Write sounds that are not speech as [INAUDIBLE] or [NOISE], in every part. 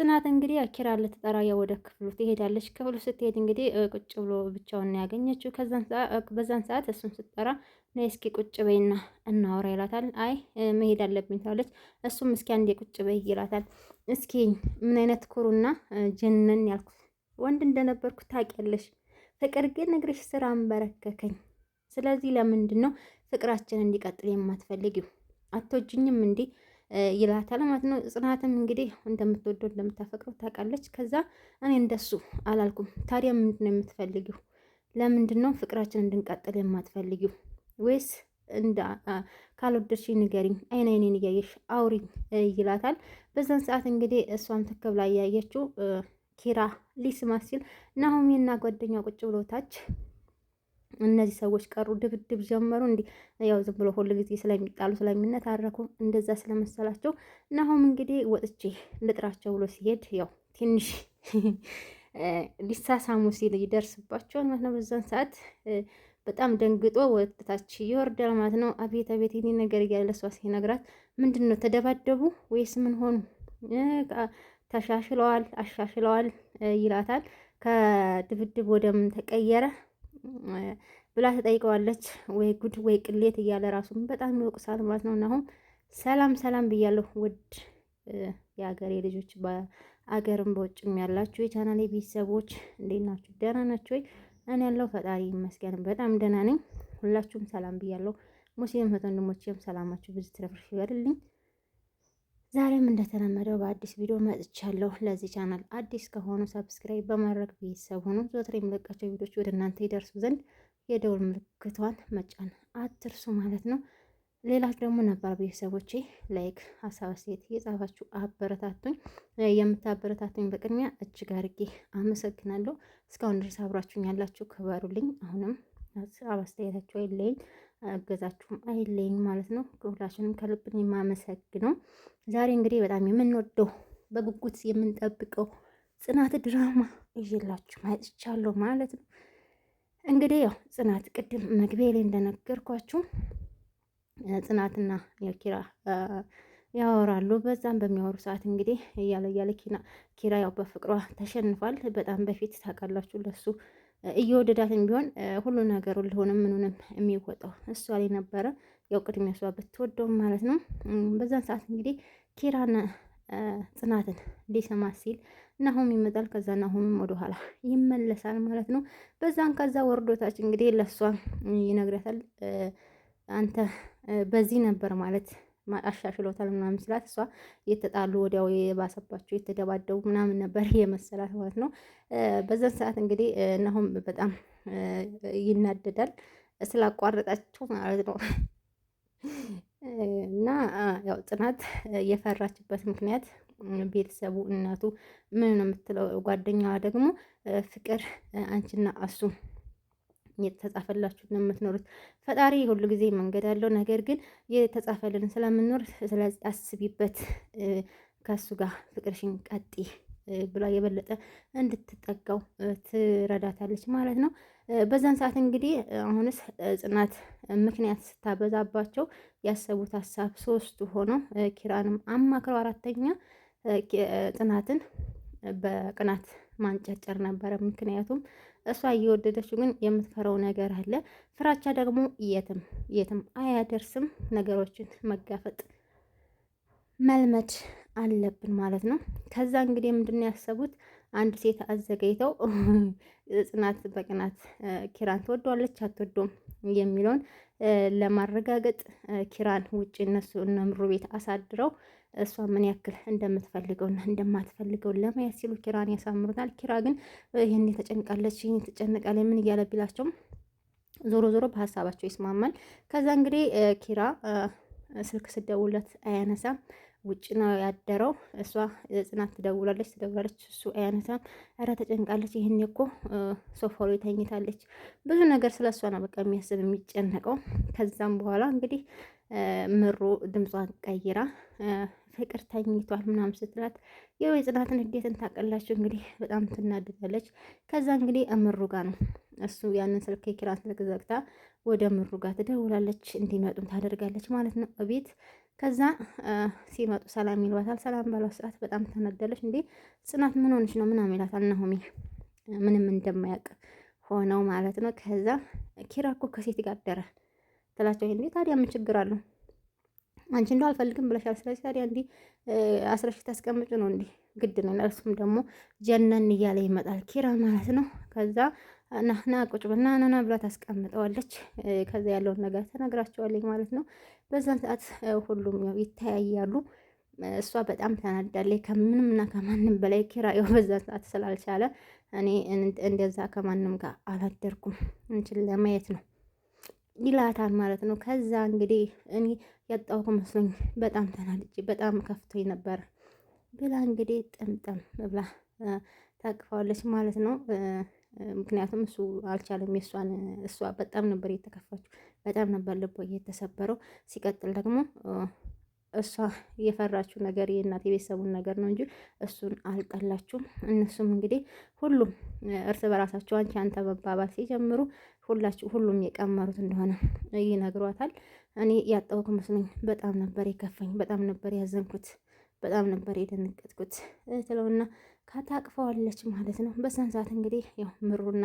ጽናት እንግዲህ አኪራ ልትጠራ ወደ ክፍሉ ትሄዳለች። ክፍሉ ስትሄድ እንግዲህ ቁጭ ብሎ ብቻውን ያገኘችው። በዛን ሰዓት እሱን ስትጠራ ነይ እስኪ ቁጭ በይና እናወራ ይላታል። አይ መሄድ አለብኝ ትላለች። እሱም እስኪ አንዴ ቁጭ በይ ይላታል። እስኪ ምን አይነት ኩሩና ጀነን ያልኩት ወንድ እንደነበርኩ ታውቂያለሽ። ፍቅር ግን እግርሽ ስራ አንበረከከኝ። ስለዚህ ለምንድን ነው ፍቅራችን እንዲቀጥል የማትፈልጊው? አትወጂኝም እንዲህ ይላታል ማለት ነው። ጽናትም እንግዲህ እንደምትወደው እንደምታፈቅረው ታውቃለች። ከዛ እኔ እንደሱ አላልኩም። ታዲያ ምንድን ነው የምትፈልጊው? ለምንድን ነው ፍቅራችን እንድንቀጥል የማትፈልጊው? ወይስ እንደ ካልወደድሽ ንገሪኝ፣ አይን አይኔን እያየሽ አውሪኝ ይላታል። በዛን ሰዓት እንግዲህ እሷም ተከብላ እያየችው ኪራ ሊስማ ሲል ናሆሜና ጓደኛ ቁጭ ብሎታች እነዚህ ሰዎች ቀሩ፣ ድብድብ ጀመሩ። እንዲ ያው ዝም ብሎ ሁሉ ጊዜ ስለሚጣሉ ስለሚነታረኩ እንደዛ ስለመሰላቸው ናሆም እንግዲህ ወጥቼ ልጥራቸው ብሎ ሲሄድ ያው ትንሽ [LAUGHS] ሊሳሳሙ ሲል ይደርስባቸዋል ማለት ነው። በዛን ሰዓት በጣም ደንግጦ ወጥታች ይወርዳል ማለት ነው። አቤት አቤት ይህ ነገር እያለ እሷ ሲነግራት ምንድን ነው ተደባደቡ ወይስ ምን ሆኑ? ተሻሽለዋል አሻሽለዋል ይላታል። ከድብድብ ወደ ተቀየረ? ብላ ተጠይቀዋለች። ወይ ጉድ ወይ ቅሌት እያለ ራሱ በጣም ይወቅሳል ማለት ነው። እና አሁን ሰላም ሰላም ብያለሁ ውድ የአገሬ ልጆች በአገርም በውጭም ያላችሁ የቻናሌ ቤተሰቦች እንዴት ናችሁ? ደህና ናችሁ ወይ? እኔ ያለው ፈጣሪ ይመስገን በጣም ደህና ነኝ። ሁላችሁም ሰላም ብያለሁ። ሙሴም እህት ወንድሞቼም ሰላማችሁ ብዙ ትረፍርፍ ይበልልኝ። ዛሬም እንደተለመደው በአዲስ ቪዲዮ መጥቻለሁ። ለዚህ ቻናል አዲስ ከሆኑ ሰብስክራይብ በማድረግ ቤተሰብ ሆኑ። ዘወትር የምለቃቸው ቪዲዮች ወደ እናንተ ይደርሱ ዘንድ የደውል ምልክቷን መጫን አትርሱ ማለት ነው። ሌላችሁ ደግሞ ነባር ቤተሰቦቼ ላይክ፣ ሀሳብ አስተያየት የጻፋችሁ አበረታቱኝ። የምታበረታቱኝ በቅድሚያ እጅግ አድርጌ አመሰግናለሁ። እስካሁን ድረስ አብራችሁኝ ያላችሁ ክበሩልኝ። አሁንም ሀሳብ አስተያየታችሁ አይለይኝ። እገዛችሁም አይለኝ ማለት ነው። ሁላችንም ከልብን የማመሰግነው ዛሬ እንግዲህ በጣም የምንወደው በጉጉት የምንጠብቀው ጽናት ድራማ እየላችሁ መጥቻለሁ ማለት ነው። እንግዲህ ያው ጽናት ቅድም መግቢያ ላይ እንደነገርኳችሁ ጽናትና የኪራ ያወራሉ። በዛም በሚያወሩ ሰዓት እንግዲህ እያለ እያለ ኪራ ያው በፍቅሯ ተሸንፏል። በጣም በፊት ታውቃላችሁ ለሱ እየወደዳትን ቢሆን ሁሉ ነገሩ ሊሆንም ምኑንም የሚወጣው እሷ ላይ ነበረ። ያው ቅድሚያ እሷ ብትወደውም ማለት ነው። በዛን ሰዓት እንግዲህ ኪራን ጽናትን ሊሰማ ሲል ናሆም ይመጣል። ከዛ ናሆምም ወደኋላ ይመለሳል ማለት ነው። በዛን ከዛ ወርዶታች እንግዲህ ለእሷ ይነግረታል። አንተ በዚህ ነበር ማለት አሻሽሎታል ምናምን ስላት እሷ የተጣሉ ወዲያው የባሰባቸው የተደባደቡ ምናምን ነበር [LAUGHS] የመሰላት ማለት ነው። በዛን ሰዓት እንግዲህ እነሆም በጣም ይናደዳል ስላቋረጣቸው ማለት ነው። [LAUGHS] እና ያው ጽናት የፈራችበት ምክንያት ቤተሰቡ እናቱ ምን ነው የምትለው ጓደኛዋ ደግሞ ፍቅር አንቺና እሱ የተጻፈላችሁ ነው የምትኖሩት። ፈጣሪ ሁሉ ጊዜ መንገድ አለው። ነገር ግን የተጻፈልን ስለምኖር ስለዚህ አስቢበት፣ ከሱ ጋር ፍቅርሽን ቀጢ ብላ የበለጠ እንድትጠጋው ትረዳታለች ማለት ነው። በዛን ሰዓት እንግዲህ አሁንስ ጽናት ምክንያት ስታበዛባቸው ያሰቡት ሀሳብ ሶስቱ ሆነው ኪራንም አማክረው አራተኛ ጽናትን በቅናት ማንጨርጨር ነበረ። ምክንያቱም እሷ እየወደደችው ግን የምትፈረው ነገር አለ። ፍራቻ ደግሞ የትም የትም አያደርስም። ነገሮችን መጋፈጥ መልመድ አለብን ማለት ነው። ከዛ እንግዲህ ምንድን ያሰቡት አንድ ሴት አዘጋጅተው [LAUGHS] ጽናት በቅናት ኪራን ትወደዋለች አትወዶም የሚለውን ለማረጋገጥ ኪራን ውጭ እነሱ እነ ምሩ ቤት አሳድረው እሷ ምን ያክል እንደምትፈልገውና እንደማትፈልገው ለማየት ሲሉ ኪራን ያሳምሩታል። ኪራ ግን ይህን ተጨንቃለች፣ ይህን ትጨንቃለ ምን እያለ ቢላቸውም ዞሮ ዞሮ በሀሳባቸው ይስማማል። ከዛ እንግዲህ ኪራ ስልክ ስደውለት አያነሳም። ውጭ ነው ያደረው። እሷ ጽናት ትደውላለች ትደውላለች፣ እሱ አያነሳም። እረ ተጨንቃለች፣ ይህን እኮ ሶፋው ተኝታለች። ብዙ ነገር ስለ እሷ ነው በቃ የሚያስብ የሚጨነቀው። ከዛም በኋላ እንግዲህ ምሩ ድምጿን ቀይራ ፍቅር ተኝቷል ምናምን ስትላት የው የጽናትን እንዴትን ታቀላችሁ እንግዲህ በጣም ትናደዳለች። ከዛ እንግዲህ እምሩ ጋ ነው እሱ ያንን ስልክ የኪራን ስልክ ዘግታ ወደ ምሩ ጋ ትደውላለች፣ እንዲመጡም ታደርጋለች ማለት ነው እቤት። ከዛ ሲመጡ ሰላም ይሏታል። ሰላም ባሏት ስርዓት በጣም ተናደለች። እንዲህ ጽናት ምን ሆነች ነው ምናምን ይላታል ናሆሚ ምንም እንደማያውቅ ሆነው ማለት ነው። ከዛ ኪራ እኮ ከሴት ጋር ደረ ትላቸው ይሄ ታዲያ ምን ችግር አለው? አንቺ እንደው አልፈልግም ብለሻል። ስለዚህ ታዲያ እንዲህ አስረሽ ታስቀምጭ ነው እንዲህ ግድ ነው። እርሱም ደግሞ ጀነን እያለ ይመጣል ኪራ ማለት ነው። ከዛ ናና ቁጭ ብና ናና ብላ ታስቀምጠዋለች። ከዛ ያለውን ነገር ተነግራቸዋለች ማለት ነው። በዛን ሰዓት ሁሉም ያው ይተያያሉ። እሷ በጣም ተናዳለች ከምንም እና ከማንም በላይ ኪራ ያው በዛን ሰዓት ስላልቻለ እኔ እንደዛ ከማንም ጋር አላደርኩም እንችል ለማየት ነው ይላታል ማለት ነው። ከዛ እንግዲህ እኔ ያጣሁት መስሎኝ በጣም ተናድጄ በጣም ከፍቶኝ ነበር ብላ እንግዲህ ጥምጥም ብላ ታቅፈዋለች ማለት ነው። ምክንያቱም እሱ አልቻለም። የእሷን እሷ በጣም ነበር የተከፋችው፣ በጣም ነበር ልቦ እየተሰበረው። ሲቀጥል ደግሞ እሷ የፈራችው ነገር የእናት የቤተሰቡን ነገር ነው እንጂ እሱን አልጠላችሁም። እነሱም እንግዲህ ሁሉም እርስ በራሳቸው አንቺ አንተ መባባል ሲጀምሩ ሁላችሁ ሁሉም የቀመሩት እንደሆነ ይነግሯታል። እኔ ያጣሁት መስሎኝ በጣም ነበር የከፈኝ፣ በጣም ነበር ያዘንኩት፣ በጣም ነበር የደነገጥኩት ትለውና ካታቅፈዋለች ማለት ነው። በዛን ሰዓት እንግዲህ ያው ምሩና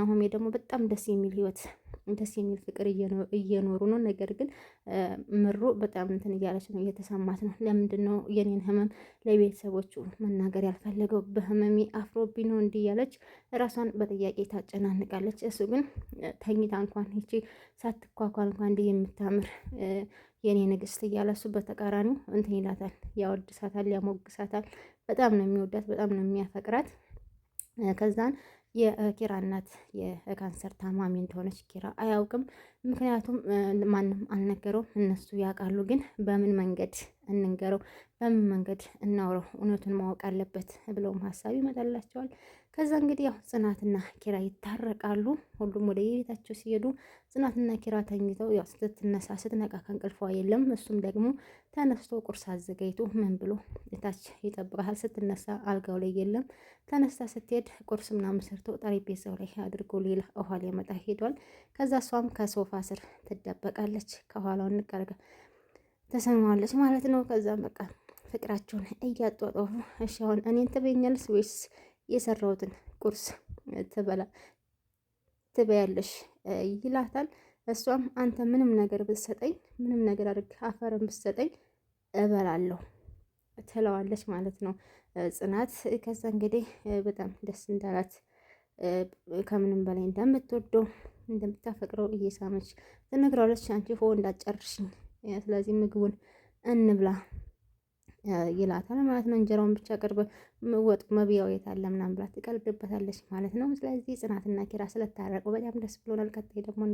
ናሆሜ ደግሞ በጣም ደስ የሚል ህይወት ደስ የሚል ፍቅር እየኖሩ ነው። ነገር ግን ምሩ በጣም እንትን እያለች ነው፣ እየተሰማት ነው። ለምንድን ነው የኔን ህመም ለቤተሰቦቹ መናገር ያልፈለገው? በህመሜ አፍሮብኝ ነው እንዲህ እያለች ራሷን በጥያቄ ታጨናንቃለች። እሱ ግን ተኝታ እንኳን ይቺ ሳትኳኳል እንኳን እንዲህ የምታምር የኔ ንግስት እያለ እሱ በተቃራኒው እንትን ይላታል፣ ያወድሳታል፣ ያሞግሳታል። በጣም ነው የሚወዳት፣ በጣም ነው የሚያፈቅራት ከዛን የኪራ እናት የካንሰር ታማሚ እንደሆነች ኪራ አያውቅም። ምክንያቱም ማንም አልነገረው፣ እነሱ ያውቃሉ፣ ግን በምን መንገድ እንንገረው፣ በምን መንገድ እናውረው፣ እውነቱን ማወቅ አለበት ብለውም ሀሳብ ይመጣላቸዋል። ከዛ እንግዲህ ያው ጽናትና ኪራ ይታረቃሉ። ሁሉም ወደ የቤታቸው ሲሄዱ ጽናትና ኪራ ተኝተው ያው ስትነሳ ስትነቃ ከእንቅልፏ የለም። እሱም ደግሞ ተነስቶ ቁርስ አዘጋጅቶ ምን ብሎ እታች ይጠብቃል። ስትነሳ አልጋው ላይ የለም። ተነስታ ስትሄድ ቁርስ ምናምን ሰርቶ ጠረጴዛው ላይ አድርጎ ሌላ ውሃ ሊያመጣ ሄዷል። ከዛ እሷም ከሶፋ ስር ትደበቃለች። ከኋላው እንቀርጋ ተሰማዋለች ማለት ነው። ከዛም በቃ ፍቅራቸውን እያጧጧፉ እሺ አሁን እኔን ትበኛለች ወይስ የሰራሁትን ቁርስ ትበላ ትበያለሽ ይላታል። እሷም አንተ ምንም ነገር ብትሰጠኝ ምንም ነገር አድርግ አፈርን ብትሰጠኝ እበላለሁ ትለዋለች ማለት ነው ጽናት። ከዛ እንግዲህ በጣም ደስ እንዳላት ከምንም በላይ እንደምትወደው እንደምታፈቅረው እየሳመች ትነግረዋለች። አንቺ ሆ እንዳጨርሽኝ፣ ስለዚህ ምግቡን እንብላ ይላታል ማለት ነው። እንጀራውን ብቻ ቅርብ ወጥ መብያው የት አለ ምናምን ብላ ትቀልድበታለች ማለት ነው። ስለዚህ ጽናትና ኪራ ስለታረቁ በጣም ደስ ብሎናል። ቀጣይ ደግሞ